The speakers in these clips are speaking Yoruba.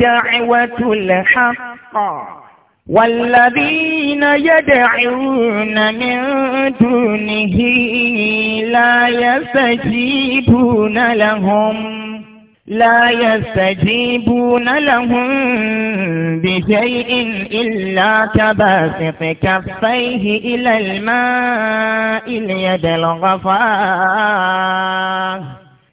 دعوة الحق والذين يدعون من دونه لا يستجيبون لهم لا يستجيبون لهم بشيء إلا كباسط كفيه إلى الماء ليدلغ فاه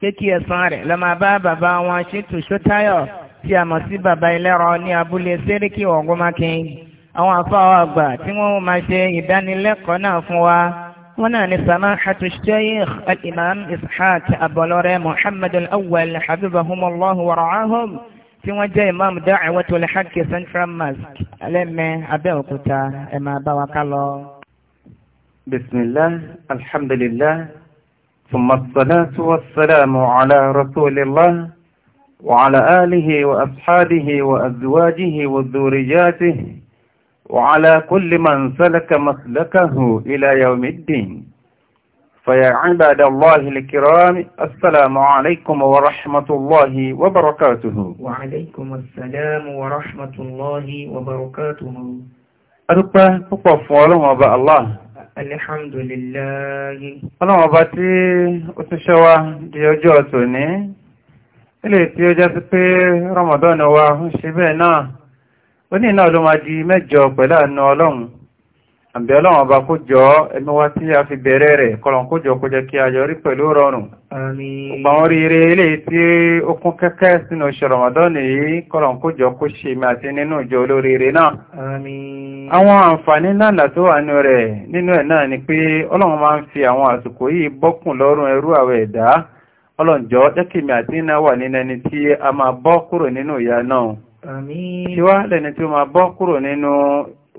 kéèkì ẹ̀sán rẹ̀ lọ máa bá bàbá wọn ṣètò ṣótáyọ̀ tí a mọ̀ sí bàbá ẹlẹ́rọ ní abúlé sẹ́ríkì ọ̀gọ́mákin àwọn afáwọ̀ àgbà tí wọ́n máa ṣe ìdánilẹ́kọ̀ọ́ náà fún wa wọ́n náà ní samahatu sheikh al-imam ishaq abọlọ́rẹ́ muhammad al-awwal habibahumullahu wa tí wọ́n jẹ́ imam da'watul haqq central mosque alẹ́mẹ́ abẹ́òkúta ẹ̀ máa bá wa ká lọ. bismillah ثم الصلاة والسلام على رسول الله وعلى آله وأصحابه وأزواجه وذرياته وعلى كل من سلك مسلكه إلى يوم الدين فيا عباد الله الكرام السلام عليكم ورحمة الله وبركاته وعليكم السلام ورحمة الله وبركاته أدوكا فقف ولهم الله Alhamdulillahi. Ọlọ́run ọba tí ó tún ṣọ́ wa di ọjọ́ ọ̀tọ̀ ní, ilé tí ó jẹ́ sí pé Ramadan wa ń ṣe bẹ́ẹ̀ náà, ó ní ìná ló di mẹ́jọ pẹ̀lú àánú Ọlọ́run àbí ọlọ́run ọba kó jọ ẹnu wá tí a fi bẹ̀rẹ̀ rẹ̀ kọlọ̀n kó jọ kó jẹ́ kí a yọrí pẹ̀lú rọrùn ọgbà wọn rí eré ilé tí ó kún kẹ́kẹ́ sínú oṣù yìí kọlọ̀n kó jọ kó ṣe àti nínú ìjọ olóríire náà àwọn àǹfààní ńláńlá tó wà nínú rẹ̀ nínú ẹ̀ náà ni pé ọlọ́run máa ń fi àwọn àsìkò yìí bọ́kùn lọ́rùn ẹrú àwẹ̀ ẹ̀dá ọlọ́njọ́ jẹ́kìmí àti iná wà nínú ẹni tí a máa bọ́ kúrò nínú ìyà náà ṣíwá lẹ́ni tí ó máa bọ́ kúrò nínú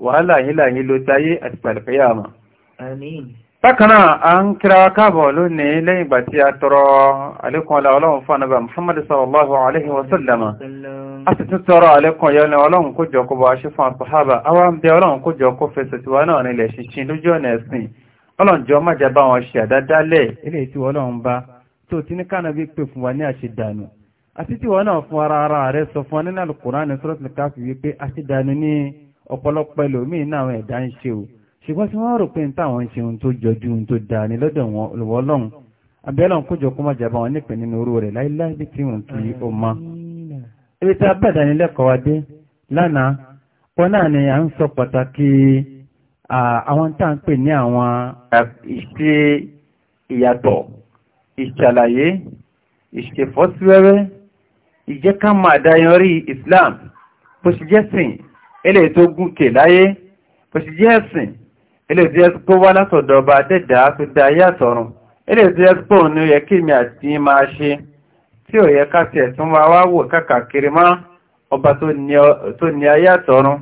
wàhálà yìí láyé ló táyé àti pàlùkìyàmà bákanáà a ń kíra káàbọ̀ lónìí lẹ́yìn ìgbà tí a tọrọ àlékún ọlá ọlọ́run fún ànàbà muhammadu sallallahu alaihi wasallama a sì tún tọrọ àlékún yọ́nà ọlọ́run kó jọ kó bá ṣe fún àpàhábà awá ń bẹ ọlọ́run kó jọ kó fẹsẹ̀ tí wá náà nílẹ̀ ṣinṣin lójú ọ̀nà ẹ̀sìn ọlọ́run jọ má jaba wọn ṣe àdádálẹ̀ ilé ti ní ní ọ̀pọ̀lọpọ̀ ẹlòmíì náà àwọn ẹ̀dá ń ṣe o ṣùgbọ́n tí wọ́n rò pé ní táwọn ń ṣe ohun tó jọjú ohun tó dáa ní lọ́dọ̀ wọn ọlọ́run abẹ́lọ́run kójọ kó má jàbá wọn nípìn nínú orú rẹ̀ láíláí bí tí wọn kì í ó mọ. ibi tí a bá ìdánilẹ́kọ̀ọ́ wa dé lánàá wọn náà ni à ń sọ pàtàkì àwọn tá à ń pè ní àwọn. ìṣe ìyàtọ̀ ìṣàlàyé ìṣèfọ́síwẹ́wẹ́ ìjẹ́ká máa dayanrí Islam bó ṣe jẹ́sìn ilé tó gúnkè láyé kò sì jẹ́ ẹ̀sìn ilé tó yẹ kó wá látọ̀dọ̀ ọba dẹ́dà tó dá ayé àtọ̀run ilé tó yẹ pọ̀ ní yẹ kí mi àti máa ṣe tí ò yẹ ká tiẹ̀ tún wá wá wò káàkiri mọ́ ọba tó ní ayé àtọ̀run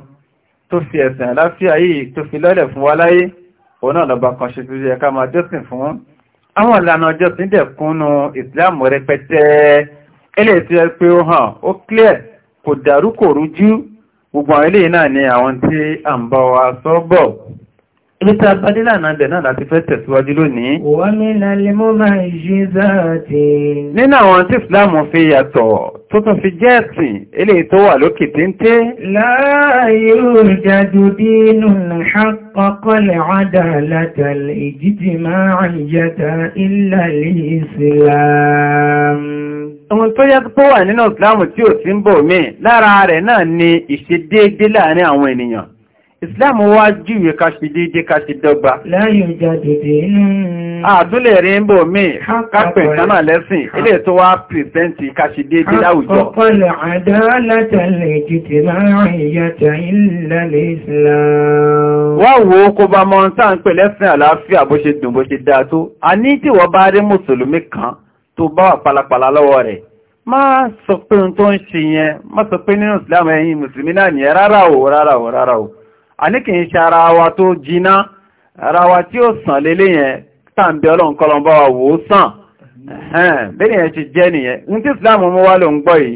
tó fi ẹ̀sìn àláfíà yìí tó fi lọ́lẹ̀ fún wa láyé òun náà lọ́ba kan ṣe tó yẹ ká gbogbo àwọn eléyìí náà ni àwọn tí a ń bá wa sọ bọ̀ ibi tí a bá dé lánàá bẹ̀ náà láti fẹ́ tẹ̀síwájú lónìí nínú àwọn tí ìsìláàmù fi yàtọ̀ tó tún fi jẹ́ ẹ̀sìn eléyìí tó wà lókè téńté láàáyé òjàdù dínú حققل عدالة الاجتماعية إلا الإسلام ohun tó yẹ́ tó wà nínú ìsìláàmù tí ò sí ń bò mí lára rẹ̀ náà ni ìṣedéédé láàrin àwọn ènìyàn ìsìláàmù wá júwe ká ṣe déédé ká ṣe dọ́gba láyùn jàdìdì inú àtúlẹ̀ rí ń bò mí kápẹ̀ ìtànà lẹ́sìn ilé tó wá pìrìsẹ́ntì ká ṣe déédé láwùjọ ọpọlọ àdáálátàlẹ̀ jìdì láàrin ìyàtà ìlàlẹ̀ ìsìláàmù wá tó bá wà pàlàpàlà lọ́wọ́ rẹ̀ má sọ pé ohun tó ń ṣe yẹn má sọ pé nínú ìsìlámù ẹ̀yin mùsùlùmí náà nìyẹn rárá o rárá o rárá o àní kì í ṣe ara wa tó jiná ara wa tí ó sàn lélé yẹn tàbí ọlọ́run wò sàn bẹ́ẹ̀ yẹn ti jẹ́ nìyẹn ní tí ìsìlámù mú wá ló ń gbọ́ yìí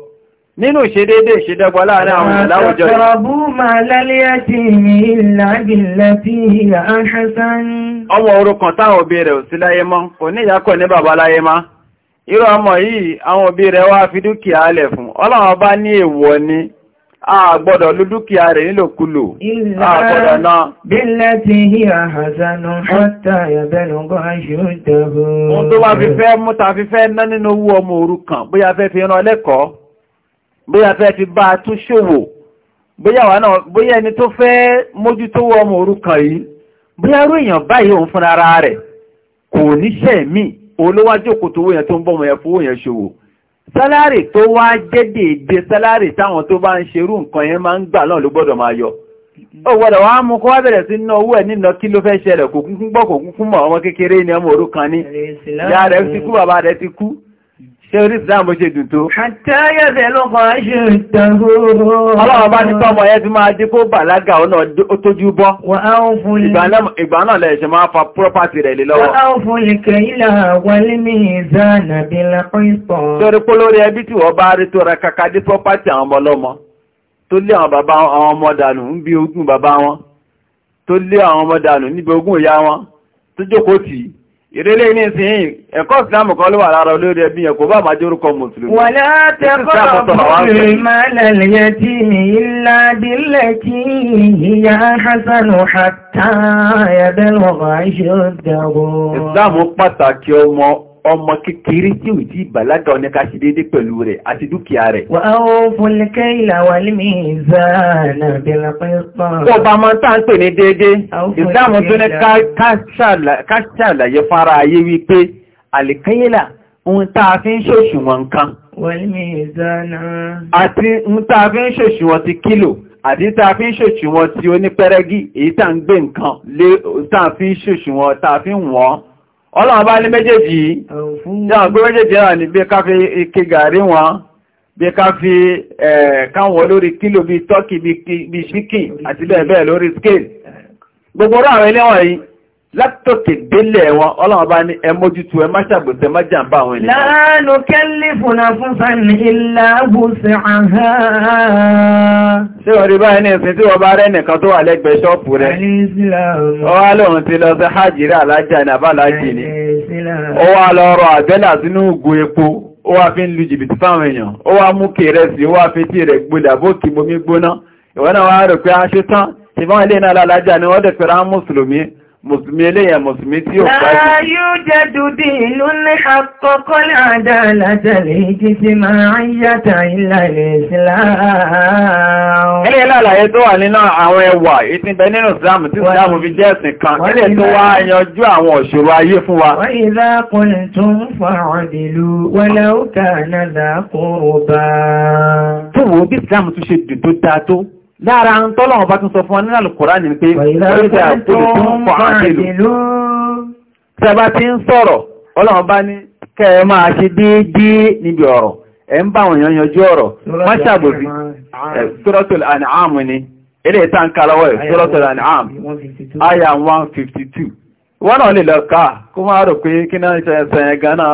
nínú ìṣedédé ìṣedẹ́gbọ́ láàrin àwọn ìdáwòjọ́ ìṣẹ́rọ̀bú máa lálẹ́yà tí mi ìlàbìlẹ̀ tí ìyà ahsan ọmọ òrukàn táwọn òbí rẹ̀ ò sí láyé mọ́ kò ní ìyá kò ní bàbá láyé má irú ọmọ yìí àwọn òbí rẹ̀ wá fi dúkìá alẹ̀ fún ọlọ́run bá ní èèwọ̀ ni a gbọ́dọ̀ lú dúkìá rẹ̀ bóyá fẹ́ fi bá tún ṣòwò bóyá wà náà bóyá ẹni tó fẹ́ mójútó ọmọ òrukàn yìí bóyá rú èèyàn báyìí òun fúnra ara rẹ̀ kò níṣẹ́ mí olówájú kò tó wóyàn tó ń bọ́mọ yẹn fowó yẹn ṣòwò sálárì tó wá jẹ́ déédé sálárì táwọn tó bá ń ṣerú nǹkan yẹn máa ń gbà náà ló gbọ́dọ̀ máa yọ ó gbọ́dọ̀ wá mú kó wá bẹ̀rẹ̀ sí ná owó ẹ̀ nínú kí ló fẹ́ ṣẹlẹ̀ kò kúnkún gbọ́ kò kúnkún mọ̀ ọmọ kékeré ni ọmọ òrukàn ni ìyá rẹ̀ ti kú bàbá rẹ̀ ti kú ṣe orí ìsìláàmù ṣe dùn tó. àtẹ́yẹ̀dẹ̀ ló kàn ṣe ìtàgó. ọlọ́run bá ní tọ́mọ ẹ ti máa dé kó bàlágà ọ̀nà ó tójú bọ́. ìgbà náà lẹ̀ ṣe máa fa property rẹ̀ lé lọ́wọ́. wọ́n á fún ìkẹ́ ìlà wọlé ní ìzáànà bí lápẹ́sọ̀. torí pé lórí ẹbí tí wọ́n bá rí tó ra kàkà dé property àwọn ọmọ ọlọ́mọ tó lé àwọn bàbá àwọn ọmọ dànù níbi ogún bàbá wọn tó lé àwọn ọmọ dànù níbi ogún ìyá wọn tó jókòó tì ìrẹ́lẹ̀ ní ìsìn ẹ̀kọ́ ìsìlámù kan ló lára olóòrẹ ẹbí ẹ̀kọ́ bá máa jórúkọ mùsùlùmí wà látẹ́kọ́ hasanu hatta ẹ̀bẹ̀rọ̀ ọmọ kékeré tí ò tí ìbàlágà ọ̀nà ká ṣe déédé pẹ̀lú rẹ̀ àti dúkìá rẹ̀. wà á ó fúnlẹ̀kẹ́ ìlàwà límì ìzáàna bẹ̀rẹ̀ pẹ́pọ̀. kó bá máa tá à ń pè ní déédé ìsìláàmù tó ní ká ṣàlàyé fara ayé wípé àlìkẹ́yìlà ohun tá a fi ń ṣòṣùwọ̀n nǹkan. àti ohun tá a fi ń ṣòṣùwọ̀n ti kílò àti tá a fi ń ṣòṣùwọ̀n ti onípẹ́rẹ́gì èyí tá à ń gbé nǹkan lé tá a fi ń ṣòṣùwọ̀n tá a fi ń wọ̀n ọlọ́run bá ní méjèèjì yáà pé méjèèjì náà ní bí ká fi ike gàrí wọn bí ká fi káwọn lórí kílò bí tọ́kì bí ṣíkì àti bẹ́ẹ̀ bẹ́ẹ̀ lórí gbogbo ọ̀rọ̀ àwọn ilé wọ̀nyí látòkè délẹ̀ wọn ọlọ́run bá ní ẹmójútu ẹ má ṣàgbèsè má jàǹbá àwọn ènìyàn. la nukallifu nafsan illa wus'aha. ṣé orí báyìí ní ìsìn tí wọ́n bá rẹ́ nìkan tó wà lẹ́gbẹ̀ẹ́ ṣọ́ọ̀pù rẹ̀ ọwá lóhun ti lọ sí hajjira alájà ní abálájì ni ọwá lọ rọ àbẹ́là sínú ògùn epo ó wá fi ń lu jìbìtì fáwọn èèyàn ó wá mú kérésì ó wá fi tí rẹ̀ gbolẹ̀ ìwọ́n náà wá rò pé aṣetán ìbọn ilé náà lálájà ni wọ́n dẹ̀ pẹ̀rẹ̀ á mùsùlùmí Mùsùlùmí eléyàn Mùsùlùmí tí ó pàájì. Láyú jẹ́ dúdí ìlú ní àkọ́kọ́ àdáàlá tẹ̀lé ìdí tí máa ń yàtà ìlàlẹ̀ ìsìláàmù. Ẹlẹ́ lálàyé tó wà nínú àwọn ẹwà ìtìbẹ̀ nínú ìsìláàmù tí ìsìláàmù fi jẹ́ ẹ̀sìn kan, ẹlẹ́ tó wá yanjú àwọn òṣòro ayé fún wa. Wọ́n ìlà kùnrin tó ń fa'adilu lára ń tọ́lọ̀wọ̀n bá tún sọ fún wa nínú al ní pé oríṣẹ́ àkókùn fún àkílù ń sọ̀rọ̀ Ọlọ́run bá ní aya 152 wọ́n náà lè lọ kó máa rò pé kí náà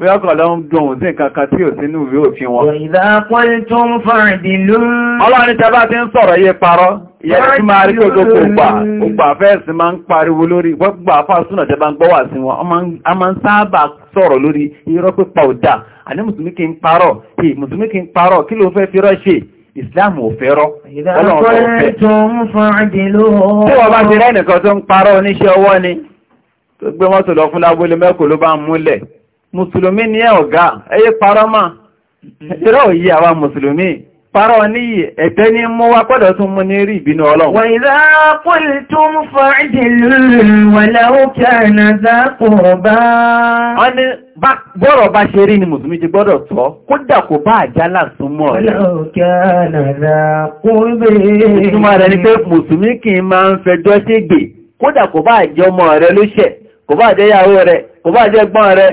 bí ọkọ̀ lọ ń dùn sí kankan tí ò sínú ìwé òfin wọn. ìdá pọ́lì tó ń fàrìdì ló ń. ọlọ́rin tẹ bá ti ń sọ̀rọ̀ yé parọ́ ìyẹn tí máa rí tó gbogbo ògbà ògbà fẹ́ẹ̀sì máa ń pariwo lórí gbogbo àfáàsúnà tẹ bá ń gbọ́wà sí wọn a máa ń sáábà sọ̀rọ̀ lórí irọ́ pípa òdà àní mùsùlùmí kì ń parọ́ kì mùsùlùmí kì ń parọ́ kí ló fẹ́ ìsìláàmù ò fẹ́ rọ́ tó ń fẹ́. tí wọ́n bá ti rẹ́ nìkan tó ń parọ́ oníṣẹ́ ọwọ́ ni tó mọ́tò lọ fún lábúlé mẹ́kò ló bá ń múlẹ̀ mùsùlùmí ni ẹ ọ̀gá ẹyẹ parọ́ mọ́ ẹ̀rọ òyí àwa mùsùlùmí parọ́ ní ẹ̀tẹ́ ní mú wá pọ́dọ̀ tún mú ní rí ìbínú ọlọ́run. bọ́rọ̀ bá ṣe rí ni mùsùlùmí ti gbọ́dọ̀ tọ́ kódà kò bá àjálà súnmọ́ rẹ̀. wàlá òkè ànàzà kò bẹ́ẹ̀. ìtumọ̀ rẹ̀ ni pé mùsùlùmí kì í máa ń fẹjọ́ ṣègbè kódà kò bá àjọmọ́ rẹ̀ ló ṣẹ̀ kò bá àjẹyàwó rẹ̀ kò bá àjẹgbọ́n rẹ̀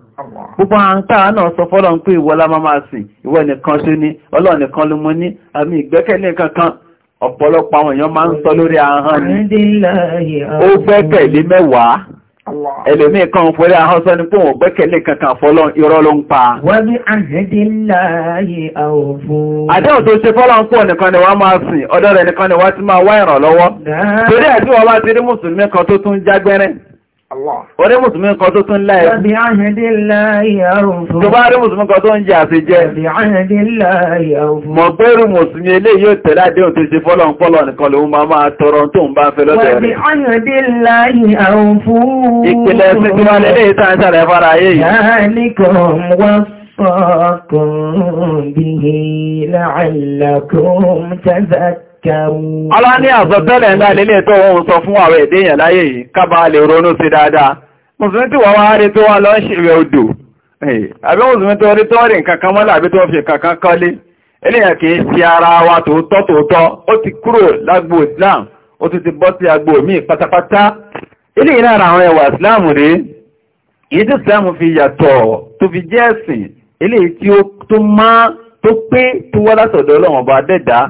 Gbogbo àwọn táà náà sọ fọ́lọ́ ń pé ìwọ la máa máa sìn, ìwọ nìkan ṣe ni, Ọlọ́run nìkan ló mú ní, àmì ìgbẹ́kẹ̀lé kankan, ọ̀pọ̀lọpọ̀ àwọn èèyàn máa ń sọ lórí ahọ́n ni. Ó gbẹ́kẹ̀lé mẹ́wàá ẹlòmí Orí Mùsùlùmí kan tó tún láì. Tó bá rí Mùsùlùmí kan tó ń jẹ àti Mọ̀ pé rú Mùsùlùmí ilé yóò tẹ̀lé àdéhùn tó ṣe fọ́lọ̀n pọ́lọ̀ nìkan lòun máa máa tọrọ tó ń bá fẹ́ lọ́dẹ̀ Ọlọ́ní àsọtẹ́lẹ̀ ńlá nílé tó wọ́n sọ fún àwọn èdè èèyàn láyé yìí kába lè ronú sí dáadáa. Mùsùlùmí tí wọ́n wá rí tó wá lọ ń ṣe rẹ̀ odò. Eh, àbí Mùsùlùmí tó rí tó rí nǹkan kan mọ́lá àbí tó fi kankan kọ́lé. Eléyàn kìí ṣe ara wa tòótọ́ tòótọ́, ó ti kúrò lágbo Islam, ó ti ti bọ́ sí agbo míì pátápátá. Eléyìí lára àwọn ẹwà Islam rí, èyí tí Islam fi yàtọ̀ tó fi jẹ́ ẹ̀sìn, eléyìí tí ó tó máa tó pé tó wá látọ̀dọ̀ Ọlọ́run ọba dẹ́dàá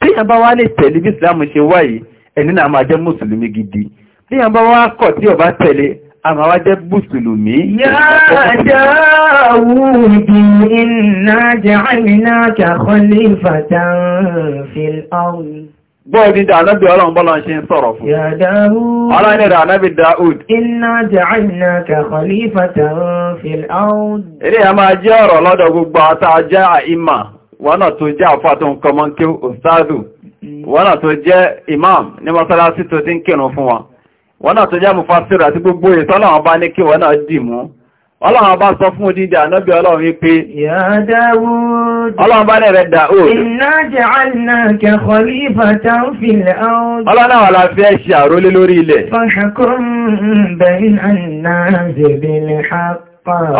téèyàn bá wá lè tẹ̀lé bí ìsìláàmù ṣe wá yìí ẹni náà máa jẹ́ mùsùlùmí gidi téèyàn bá wá kọ̀ tí ó tẹ̀lé àmà wá jẹ́ mùsùlùmí. Bọ́ọ̀dí dà ọlọ́run bọ́lọ́ ṣe ń sọ̀rọ̀ fún. Yà Dáúd. Ọlọ́run dà náà bí Dáúd. Inna ja'alnaka khalifatan fil ard. Eré a máa jẹ́ ọ̀rọ̀ lọ́dọ̀ gbogbo àtàjá àìmà wọ́n náà tó jẹ́ àfá tó ń kọmọ kí òsáàdù wọ́n náà tó jẹ́ imam ní mọ́sálásí tó ti ń kírun fún wọn wọ́n náà tó jẹ́ mufasir àti gbogbo ìtọ́lọ̀wọ́n bá ní kí wọ́n náà dì mú ọlọ́run bá sọ fún òdíjà ànábì ọlọ́run wípé ọlọ́run bá rẹ̀ Dáúdù inna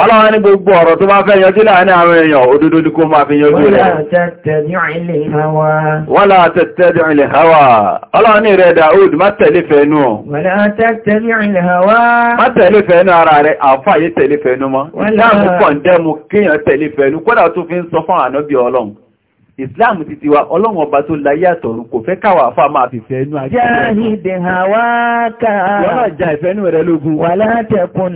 Ọlọ́run ní gbogbo ọ̀rọ̀ tó máa fẹ́ yanjú láàrin àwọn èèyàn òdodo ni kó máa fi yanjú rẹ̀. Wọ́n láà tẹ́tẹ́dì ilẹ̀ hawa. Ọlọ́run ní rẹ̀ Dàúd má tẹ̀lé fẹ́nu ọ̀. Má tẹ̀lé fẹ́nu ara rẹ̀ àfáyé tẹ̀lé fẹ́nu mọ́. Láàmú pọ̀ ń dẹ́mu kíyàn tẹ̀lé islam ti ti wa ọlọ́run ọba tó láyé àtọ̀run kò fẹ́ káwà fà máa fi fẹ́ inú àjẹ́ jáhìdì hàwákà wọ́n máa já ìfẹ́ inú rẹ̀ lógún wà látẹ̀kùn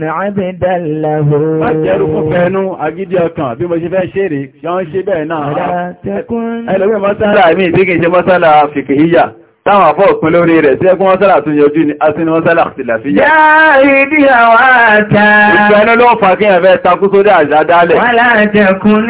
àbídàláhù má táwọn àfọ́ òpin lórí rẹ̀ sí ẹkún wọ́nsẹ́là tún yọjú ní asínú wọ́nsẹ́là ìlàfíyà. yá ìdí àwọn àtà. ìgbà ẹnu ló fà kí ẹ̀fẹ́ takú sórí àjá dálẹ̀. wọ́n látẹ̀kún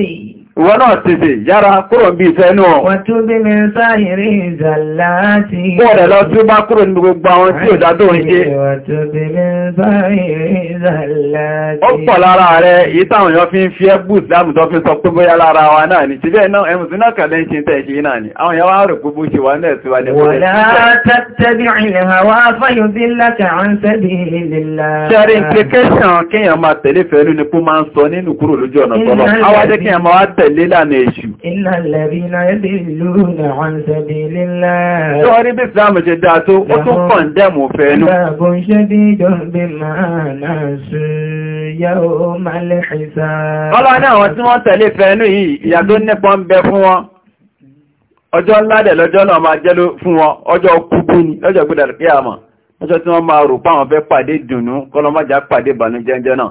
ní ìwọ náà tètè yára kúrò bí ìfẹ́ inú ọ̀. wọ́n tó bí mi sáyìrí ìzàláti. bọ́ọ̀rẹ̀ lọ tí ó bá kúrò ní gbogbo àwọn tí ò dádó ń ṣe. wọ́n tó bí mi sáyìrí ìzàláti. ó pọ̀ lára rẹ̀ èyí táwọn èèyàn fi ń fi ẹ́bù dáàmù tó fi sọ pé bóyá lára wa náà ni síbẹ̀ náà ẹmùsùn náà kàlẹ́ ṣe tẹ̀ ṣe náà ni àwọn èèyàn wá rò pé ṣe wà náà sí wa ní wọ́n. wọ́lá tẹ́tẹ́bí tẹ̀lé lànà èṣù. Ìlàlẹ̀bìnà ẹ̀dẹ̀ ìlú nà wọ́n sẹ́bí lílá. Sọ́rí bí Ìsìlámù ṣe dáa tó, ó tún kàn dẹ̀mù fẹ́nu. Ìgbàgbọ́n ṣe bí ìjọba máa náà ṣe yá ó máa lè ṣìṣà. Ọlá ní àwọn tí wọ́n tẹ̀lé fẹ́nu yìí, ìyà tó nípa ń bẹ fún wọn. Ọjọ́ ńlá dẹ̀ lọ́jọ́ náà máa jẹ́ fún wọn, ọjọ́ kúkú ni, lọ́jọ́ gbọ́dọ̀ kí àmọ̀. Ọjọ́ tí wọ́n máa rò páwọn fẹ́ pàdé dùnú, kọ́lọ́mọ́jà pàdé bànújẹ́jẹ́ náà.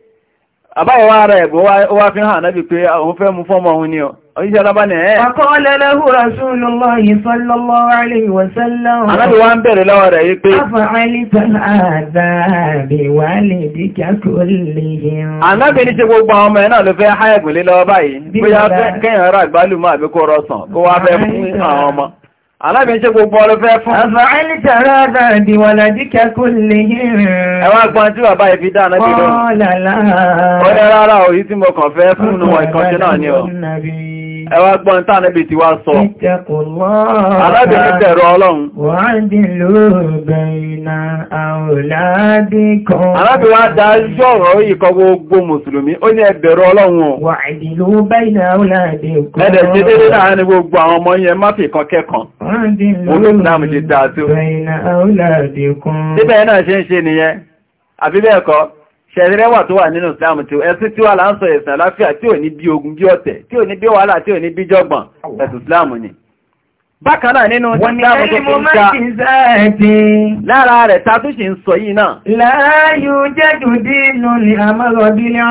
àbáwọ̀ wá ara ẹ̀gbọ́ wá fi hàn náà bí pé òun fẹ́ mú fọ́mọ òun ni ọ oníṣẹ́ alábá ní ẹ̀ Faqala lahu Rasulullahi sallallahu alayhi wa sallam alábi wá ń bẹ̀rẹ̀ lọ́wọ́ rẹ̀ alábìnṣẹ́ gbogbo ọ̀rọ̀ fẹ́ fún. àfààní tààrà àdáàdì wà ládíkà kó lè hìrì. ẹwà gbọ́n tí bàbá ìfi dáná bí lọ. ọ̀làlá. ó ní rárá òyí tí mo kàn fẹ́ fún ìwọ̀n ìkànṣẹ́ náà ni ọ. ẹwà gbọ́n tàà níbi tí wá sọ alábìnrin tẹ̀rọ ọlọ́run alábìnrin wá dá yọ́rọ̀ ìkọ gbogbo mùsùlùmí ó ní ẹbẹ̀rọ ọlọ́run ọ̀ ṣe dédé láàárín gbogbo ọmọ ṣẹ̀rẹ́ wà tó wà nínú islam tí ẹ̀sìn tí wà láńsọ ẹ̀sìn àláfíà tí ò ní bí ogun bí ọ̀tẹ̀ tí ò ní bí wàhálà tí ò ní bí jọgbọ̀n ẹ̀sìn islam ni bákanáà nínú ìsìláàmù tó fi ń ká lára rẹ̀ tàtúnṣì ń sọ yìí náà láàáyù jẹ́dù dínú ní àmọ́rọ̀bí ní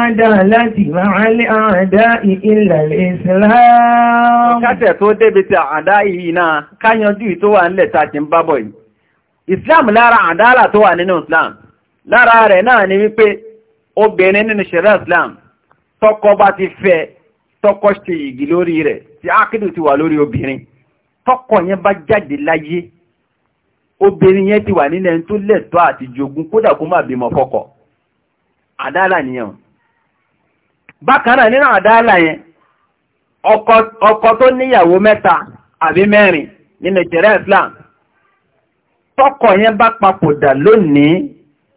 islam lára àdálà tó wà nínú lára rẹ̀ náà ni wípé obìnrin nínú ṣẹ̀rẹ́ islam tọ́kọ bá ti fẹ́ tọ́kọ ṣe ìgì lórí rẹ̀ tí ákìdù ti wà lórí obìnrin tọ́kọ yẹn bá jáde láyé obìnrin yẹn ti wà nílẹ̀ tó lẹ́tọ́ àti jogún kódà kó má bímọ fọ́kọ àdáàlà nìyẹn bákan náà nínú àdáàlà yẹn ọkọ tó níyàwó mẹ́ta àbí mẹ́rin nínú ṣẹ̀rẹ́ islam tọ́kọ yẹn bá papòdà lónìí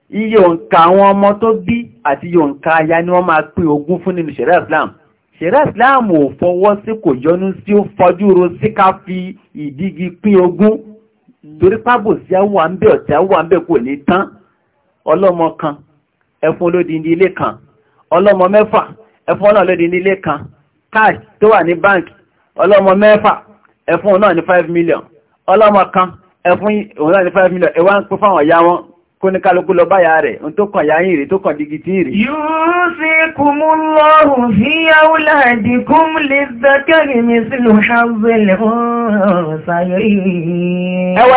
iye òǹkà àwọn ọmọ tó bí àti iye òǹkà aya ni wọ́n máa pín ogún fún nínú ṣẹ̀rẹ́ islam ṣẹ̀rẹ́ islam ò fọwọ́ sí kò yọnú sí ó fọjú ro sí ká fi ìdígi pín ogún torí pábò sí àwọn àmbẹ̀ ọ̀tí àwọn àmbẹ̀ kò ní tán ọlọ́mọ kan ẹfun olódindi ilé kan ọlọ́mọ mẹ́fà ẹfun náà olódindi ilé kan cash tó wà ní báńkì ọlọ́mọ mẹ́fà ẹfun náà ní 5 million ọlọ́mọ kan ẹfun náà ní 5 million ẹwà ń pín fáwọn ìyá wọn kó ní kálukú lọ báyà rẹ̀ n tó kàn yáyìn rí tó kàn dígítì rí. yusikumullahu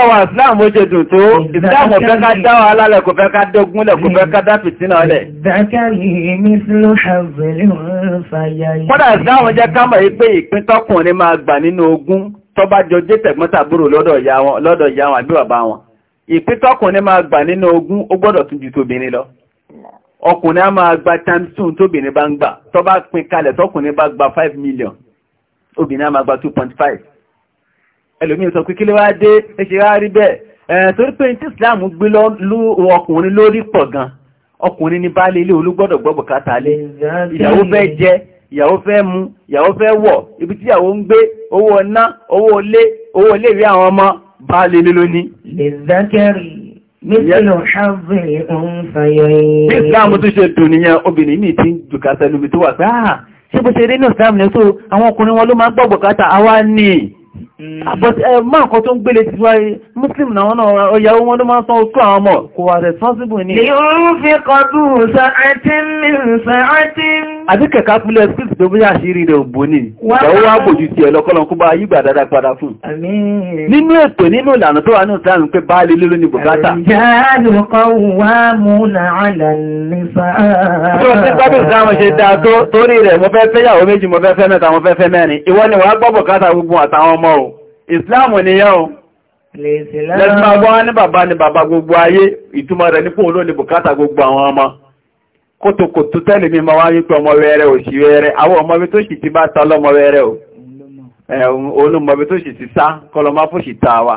wa islam ó ṣe dùn tó islam ò fẹ́ ká dá wa alálẹ̀ kò fẹ́ ká dógún lẹ̀ kò fẹ́ ká dá fìtínà lẹ̀. lizzakari mislu hazzil unsayayn. kódà islam jẹ́ ká mọ̀ yí pé ìpín tọkùnrin máa gbà nínú ogún tó jẹ́ tẹ̀gbọ́n tàbúrò lọ́dọ̀ ìyá wọn àbí wọn ìpítọ́kùnrin máa gbà nínú ogún ó gbọ́dọ̀ tún ju tóbìnrin lọ ọkùnrin á máa gba times two tóbìnrin bá ń gbà tó bá pín kalẹ̀ tọkùnrin bá gba five million obìnrin á máa gba two point five ẹlòmíín sọ pé kí ló wá dé ẹ ṣe wá rí bẹ́ẹ̀ ẹ̀ torí pé tí Islam gbé lú ọkùnrin lórí pọ̀ gan ọkùnrin ní baálé ilé olúgbọ́dọ̀ gbọ́ bùkátà lé ìyàwó fẹ́ jẹ ìyàwó fẹ́ mu ìyàwó fẹ́ wọ̀ ibi tí ìyàwó ń gbé owó ọ̀nà owó ilé owó ilé ìwé àwọn ọmọ bá lè lè lóní. lè zákẹ́rì mílíọ̀nù ṣáàbìrì ń fàyẹ̀yìn. bí ìsìláàmù tó ṣe dùn níyàn obìnrin ní ti ń jùkà sẹ́lúmi tó wà pé ah, Hmm. Ah, but ẹ eh, máa nǹkan tó ń gbélé ti wáyé muslim náà náà ọ̀yàwó wọn ló máa san oṣù àwọn ọmọ kò wà responsible ní. ìhun fi kọdù sàátì mi sàátì. àti kẹ̀kẹ́ pílẹ̀ skit tó bí àṣírí rẹ̀ òbò ni ìyàwó wa bòjú tiẹ̀ lọ́kọ́lọ́n kó bá yígbà dáadáa padà fún. nínú ètò nínú ìlànà tó wà ní ìta pé baálé lórí ni bùkátà. ìjáàlù kan wà mú nàálà nípa. tó ti gbádùn sáwọn ṣe dáa tó torí rẹ̀ mo fẹ́ fẹ́ yàwó méjì mo fẹ́ fẹ́ mẹ́ta mo fẹ́ fẹ́ mẹ́rin ìwọ ni wàá gbọ́ bùkátà gbogbo àtàwọn ọmọ o ìsìláàmù nìyẹn o lẹ́sìn máa gbọ́ ní bàbá ní bàbá gbogbo ayé ìtumọ̀ rẹ̀ nípò olóòlì bùkátà gbogbo àwọn ọmọ kótòkòtò tẹ́lẹ̀ mi máa wáyé pé ọmọ wẹ́rẹ́ ò sí wẹ́rẹ́ àwọn ọmọ bí tó sì ti bá ta ọlọ́mọ wẹ́rẹ́ o olùmọ̀bí tó sì ti sá kọlọmá fún sì ta wa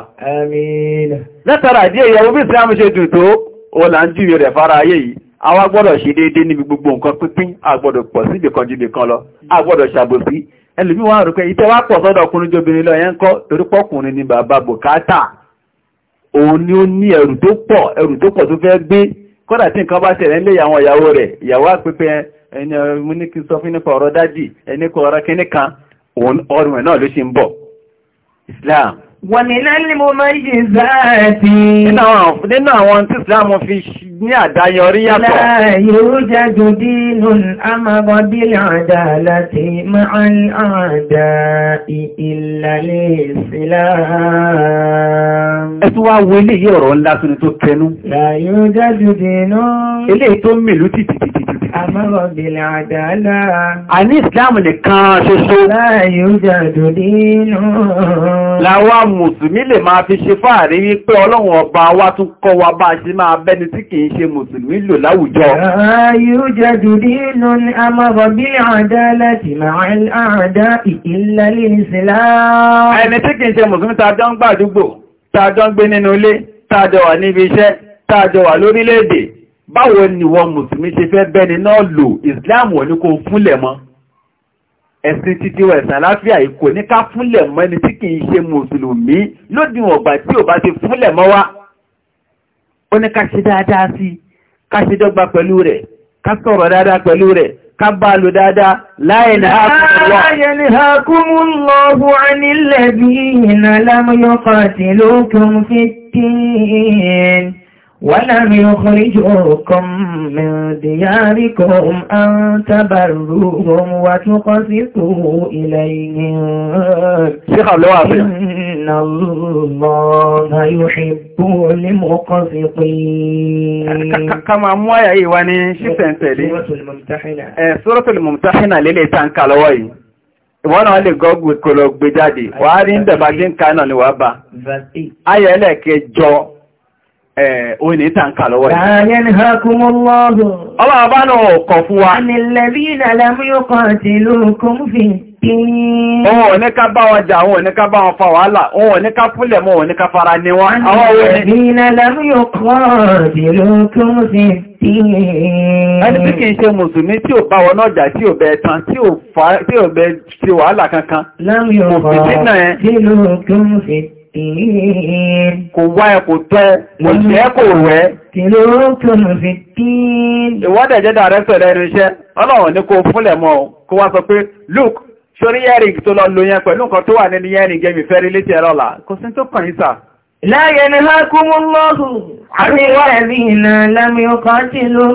látara díẹ̀ ìyàwó bí ìsìláàmù ṣe dùn tó o là ń júwe rẹ̀ fara ayé yìí àwa gbọ́dọ̀ ṣe déédéé níbi gbogbo nǹkan pínpín a pọ̀ síbìkan jùbìkan lọ a ṣàbòsí ẹlùmí wọ́n rò pé ìtẹ́ wá pọ̀ sọ́dọ̀ ọkùnrin jóbìnrin lọ yẹn kọ́ torípọ̀kùnrin ni bàbá bùkátà òun ni ó ní ẹrù tó pọ̀ ẹrù tó pọ̀ tó fẹ́ gbé kódà tí nǹkan bá ṣẹlẹ̀ nílé àwọn ìyàwó rẹ̀ ìyàwó àpẹpẹ ẹni mú ní kí sọ fún nípa ọ̀rọ̀ dádì ẹni kọ ọ̀rọ̀ kíní kan òun ọrùn ẹ̀ náà ló ṣe ń bọ̀ Islam. wọ́n ní lẹ́lí mo máa ń yí záàtì ní àdáyọrí yàtọ̀. Láàyò jájú dínú àmàbọ̀ bílẹ̀ àdá láti máa ń àdá ìlàlẹ̀ ìsìlá. Ẹtú wá wo ilé yìí ọ̀rọ̀ ńlá tún tó kẹnu. Láàyò jájú dínú. Ilé tó mìlú tìtìtìtìtì. Àmàbọ̀ bílẹ̀ àdá lára. Àní Ìsìláàmù nìkan ṣoṣo. Láàyò jájú dínú. Làwa Mùsùlùmí lè máa fi ṣe fáàrí wípé Ọlọ́run ọba wa tún kọ́ wa bá ṣe máa bẹ́ni tí kìí ṣe mùsùlùmí lò láwùjọ. Yóò jẹ́ dùdí inú ni a máa bọ̀ bí àdá láti máa àdá ìlàlẹ̀ ìsìlá. Ẹni tí kìí ṣe mùsùlùmí tàjọ ń gbàdúgbò, tàjọ ń gbé nínú ilé, tàjọ wà níbi iṣẹ́, tàjọ wà lórílẹ̀-èdè. Báwo ni wọ́n mùsùlùmí ṣe fẹ́ bẹ́ni náà lò ìsìláàmù wọn ni kò fúnlẹ̀ mọ́? Ẹ̀sìn títí wa ẹ̀sìn aláfíà yìí ní ká fúnlẹ̀ mọ́ ẹni tí kìí ṣe mùsùlùmí lódiwọ̀n ọ̀gbà tí ò bá ti fúnlẹ̀ mọ́ wá ó ní ká ṣe dáadáa sí ká ṣe dọ́gba pẹ̀lú rẹ̀ ká sọ̀rọ̀ dáadáa pẹ̀lú rẹ̀ ká bá lò dáadáa láyé ní ولم يخرجوكم من دياركم أن تبروهم وتقسطوا إليهم إن الله يحب المقسطين كما مويا إيواني شفنتلي سورة الممتحنة سورة الممتحنة للي تنكالوي ìwọ́n náà lè gọ́gùn kò lọ gbé jáde wà á rí ń ni wà bá ayẹ́lẹ́kẹjọ òun ní tàǹkà lọ́wọ́ ẹ̀. Láàrin hakumu lọ́gùn. Ọlọ́run bá náà kọ̀ fún wa. Ànìlẹ̀bí ìdàlámú yóò kàn tí ló kún fi kí. Òun ò ní ká bá wọn jà, òun ò ní ká bá wọn fa wàhálà, òun ò ní ká fúnlẹ̀ mọ́, òun ò ká fara ní wọn. Ẹni tí kìí ṣe Mùsùlùmí tí ò bá wọn náà tí ò bẹ tán tí ò bẹ ṣe wàhálà kankan. Láàrin ọ̀rọ̀ tí ló kún fi tín. Kò wá ẹ kò tọ́ ẹ, kò jẹ́ kò rẹ̀. Kìlọ̀ òkun fi Ìwọ́dẹ̀ jẹ́ dàrẹ́sọ̀ iṣẹ́, ọlọ́run ní kò fúnlẹ̀ mọ́ kó wá sọ pé, Luke sórí tó lọ lo pẹ̀lú nǹkan tó wà nínú gẹ́mì létí ẹ̀rọ kò sí tó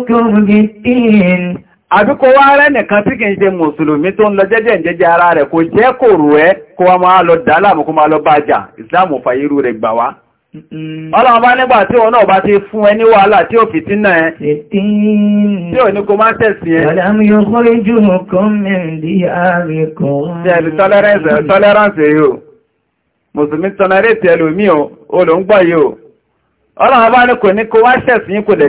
kàn àbíkọ wá rẹ̀ nìkan tí kìí ṣe mùsùlùmí tó ń lọ jẹ́jẹ́ ìjẹ́jẹ́ ara rẹ̀ kò jẹ́ kò e ẹ́ wa wá máa lọ dálàmù kó máa lọ bá jà ìsìláàmù fàyírú rẹ̀ gbà wá ọlọ́run bá nígbà tí òun náà bá ti fún ẹ ní wàhálà tí ò fi tí náà ẹ tí ò ní kó máa tẹ̀sí ẹ tọ́lẹ́rẹ́sì ẹlòmí o olóńgbọ̀ yìí o ọlọ́run bá ní kò ní kó wá ṣẹ̀sìn kò lè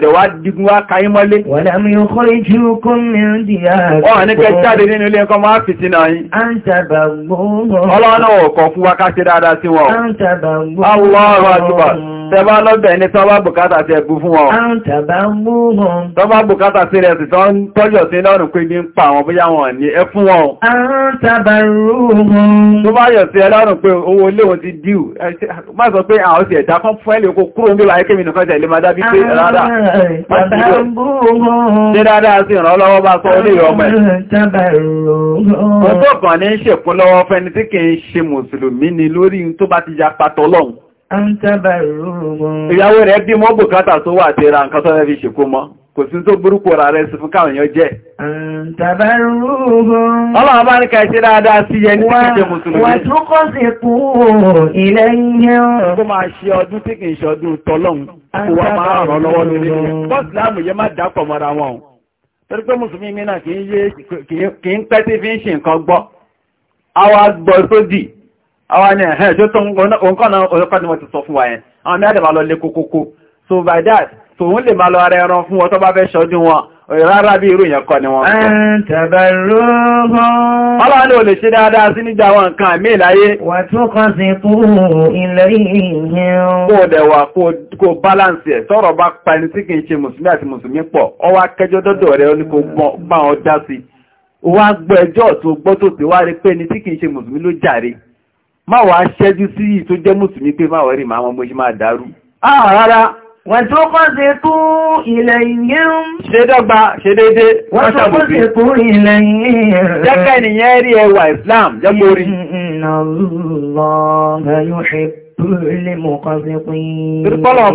dé ọ̀dẹ̀ wá dígun wá káyí mọ́lé ọ̀rọ̀ ní kẹ jáde nínú ilé nǹkan máa fi sínú ọyìn ọlọ́run ọ̀kọ̀ fún wákàtí dáadáa sí wọn tẹba lọ́bẹ̀ ní tọ́bá bùkátà ti ẹ̀bù fún wọn. tọ́bá bùkátà sí rẹ̀ sí tọ́jọ̀ sí lọ́rùn pé ní ń pa àwọn bóyá wọn ní ẹ wọn. tó bá yọ̀ sí ẹ pé owó léwọn ti díù má sọ pé àwọn sì ẹ̀dá kan fún ẹlẹ́kọ́ kúrò nílò ayékèmí nìkan tẹ̀lé máa dábí pé rárá. ṣé dáadáa sí ìrànlọ́wọ́ bá sọ ìyàwó rẹ̀ bí mọ́ bùkátà tó wà tí ra nǹkan sọ́rẹ́ fi ṣèkó mọ́ kò sí tó burúkú ra rẹ̀ sí fún káwọn èèyàn jẹ́ ọlọ́wọ́ bá ní ká ṣe dáadáa sí yẹ ní ṣe mùsùlùmí wà tó kọ́ sí kú ilẹ̀ yẹn kó máa ṣe ọdún tí kìí ṣe ọdún tọ́lọ́hun àwọn ni ẹ̀hẹ́ tó tó nǹkan ọ̀pọ̀ ni wọ́n ti sọ fún wa ẹ̀ àwọn mẹ́rin ma lọ lé kókókó so by that so wọ́n lè ma lọ ara ẹran fún ọtọ́ bá fẹ́ ṣọdún wọn rárá bí irú ìyẹn kọ́ ni wọ́n Ọlọ́run ò lè ṣe dáadáa sí níjà ṣe Mùsùlùmí sí má wàá ṣẹ́jú sí yìí tó jẹ́ mùsùlùmí pé má wàá rí màá mọ́ ṣe máa dàrú. Ah, rárá wọ́n tó kọ́ sí tó ilẹ̀ ìyẹun ṣe dọ́gba ṣe dédé wọ́n tó kọ́ sí tó ilẹ̀ ìyẹun jẹ́kẹ́ ènìyàn rí ẹwà Islam jẹ́gbórí Ìrúpọ́lọ̀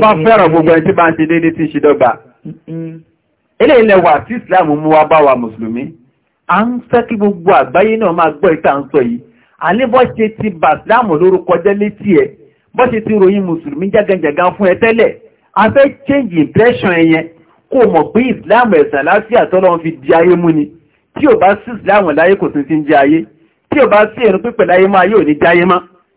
àní bọ́ ṣe ti bàsílámù lórúkọ jẹ́ létí ẹ bọ́ ṣe ti ròyìn mùsùlùmí jágẹjẹgan fún ẹ tẹ́lẹ̀ a change impression ẹyẹn kó mọ̀ pé islam ẹ̀sàn láti àtọ́lọ́run fi di ayé mú ni tí ò bá sí islam láyé kò tún ti ń jẹ ayé tí ò bá sí ẹ̀rùn pípẹ̀ láyé máa yóò ní jáyé máa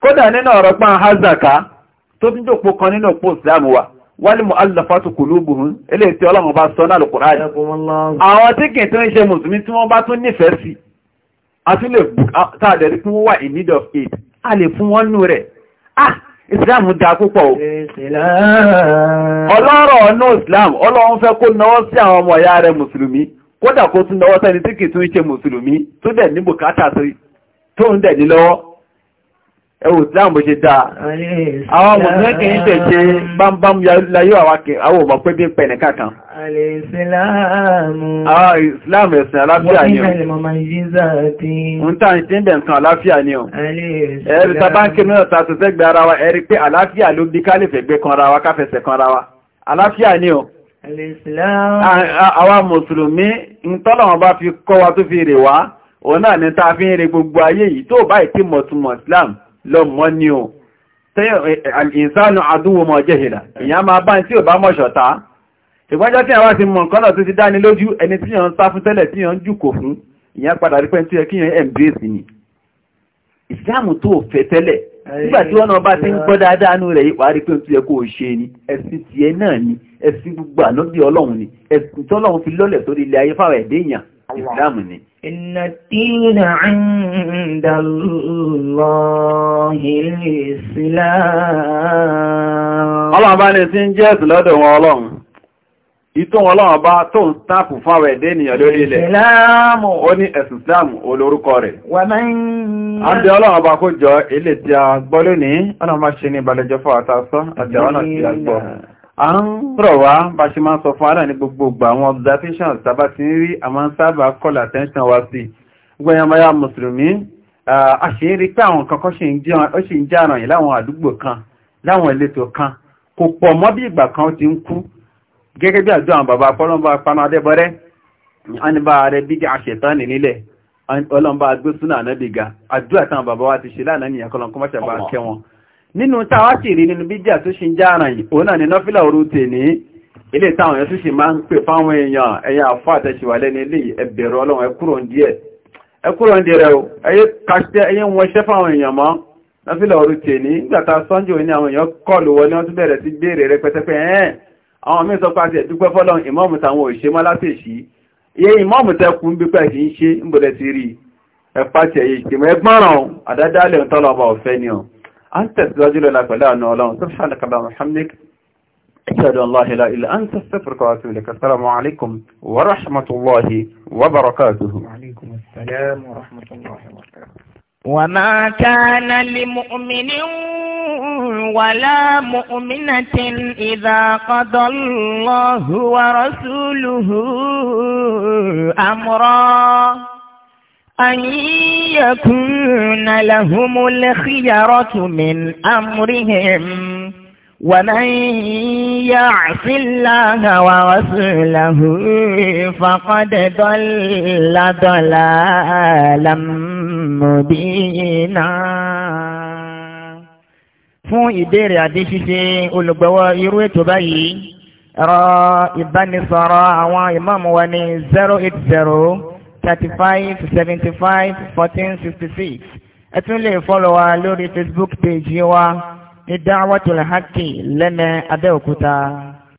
kódà nínú ọ̀rọ̀ pán hazaka tó fi jòpó kan nínú òpó ìsìlámù wa wal mu'allafatu qulubuhum ilé tí ọlọ́run bá sọ náà lùkùnrin àwọn tí kìí tó ń ṣe mùsùlùmí tí wọ́n bá in need of aid a lè fún ah ìsìlámù dá púpọ̀ o islam ọlọ́run fẹ́ kó náwọ́ sí àwọn ọmọ ìyá rẹ̀ mùsùlùmí kódà kó tún náwọ́ sẹ́ni tí kìí tún ṣe mùsùlùmí tó dẹ̀ ní bùkátà tó ń dẹ̀ ní lọ́wọ́ ẹwù islam bó ṣe dáa àwọn mùsùlùmí kì í tẹ̀ṣe bámbám láyé àwọn ọmọ pé bí pẹ̀lẹ̀ kankan àwọn islam ẹ̀sìn aláfíà ni o ń tà ń ṣe ń bẹ̀ nǹkan aláfíà ni o ẹ̀rí tàbánkì mìíràn ta sọ́sẹ́ gbẹ̀ ara wa ẹ̀rí pé aláfíà ló bí kálífẹ̀ gbé ń tọ́lọ̀wọ́n bá fi kọ́ wa tó fi rè wá òun náà ni ta fi ń islam lọ́mọ́ ni o ìsánù àdúwò mọ̀ jẹ́hìlá ìyá máa bá ń tí ò bá mọ̀ ṣọ̀tá ìgbọ́njọ́ tí àwọn ti mọ̀ nǹkan tó ti dáni lójú ẹni tí yàn ń sá fún tẹ́lẹ̀ tí yàn ń jùkò fún ìyá padà rí pé tí kí yàn ni ìsìláàmù tó fẹ́ tẹ́lẹ̀ nígbà tí wọ́n náà bá ti ń gbọ́ dáadáa nú rẹ̀ ìparí pé tí yẹ kó ṣe ni ẹ̀sìn tiẹ̀ náà ni ẹ̀sìn gbogbo ànábì ọlọ́run ni ìsìláàmù ni. Inna bá ní tí jẹ́ lọ́dọ̀ wọn wọn tó ń tápù ẹ̀dẹ́ ènìyàn lórí ilẹ̀. Ó ní ẹ̀sùn olórúkọ rẹ̀. Wà ń bá kó jọ tí a gbọ́ lónìí, ṣe ní a ń rọ̀ wá bá ṣe máa sọ fún ara ní gbogbogbò àwọn observations tàbá ti ń rí àmọ́ ń sábà call attention wá sí gbọ́yàmáyà mùsùlùmí a ṣe ń rí pé àwọn kankan ó ṣe ń já ara yìí láwọn àdúgbò kan láwọn ìletò kan kò pọ̀ mọ́ bí ìgbà kan ti ń kú gẹ́gẹ́ bí àjọ àwọn bàbá fọ́lọ́mbà panu adébọ́rẹ́ anibá rẹ̀ bí i àṣetán nílẹ̀ ọlọ́mbà agbésúnà ànábìgà àdúrà táwọn bàbá wa ti ṣe láàánú ìyàkọ́lọ́kọ́ mọ́ṣàbà kẹwọn nínú táwá sì rí nínú bídíà tó ṣe ń jára yìí òun náà ni nọ́fílà orú tè ní ilé táwọn èèyàn tó ṣe máa ń pè fáwọn èèyàn ẹ̀yà àfọ́ àtẹ̀ṣìwà lẹ́ni ilé ẹ̀bẹ̀rẹ̀ ọlọ́run ẹkúrò ń díẹ̀ ẹkúrò ń díẹ̀ o ẹyẹ kàṣẹ́ ẹyẹ ń wọṣẹ́ fáwọn èèyàn mọ́ nọ́fílà orú tè ní gbàtà sọ́njọ́ ní àwọn èèyàn kọlù wọlé wọn tún bẹ̀rẹ̀ sí béèrè rẹpẹtẹpẹ ẹ̀ẹ́n àwọn míì sọ pé àti àdádálẹ̀ ń tọ́lọ̀ ọba ọ̀fẹ́ ni ọ̀ أنت الرجل لا فلا أنه لا سبحانك اللهم وبحمدك أشهد أن لا إله إلا أنت أستغفرك وأتوب إليك السلام عليكم ورحمة الله وبركاته وعليكم السلام ورحمة الله وبركاته وما كان لمؤمن ولا مؤمنة إذا قضى الله ورسوله أمرا أن يكون لهم الخيرة من أمرهم ومن يعص الله ورسوله فقد ضل ضلالا مبينا fún ìbéèrè àti olùgbọ́wọ́ irú ètò báyìí ẹ̀rọ ìbánisọ̀rọ̀ àwọn ìmáàmù wa ní zero eight zero thirty five seventy five fourteen sixty six ẹ tún lè fọ́lọ̀ wa lórí Facebook page wa ní Da'watul Haqqi lẹ́mẹ̀ẹ́ Abẹ́òkúta.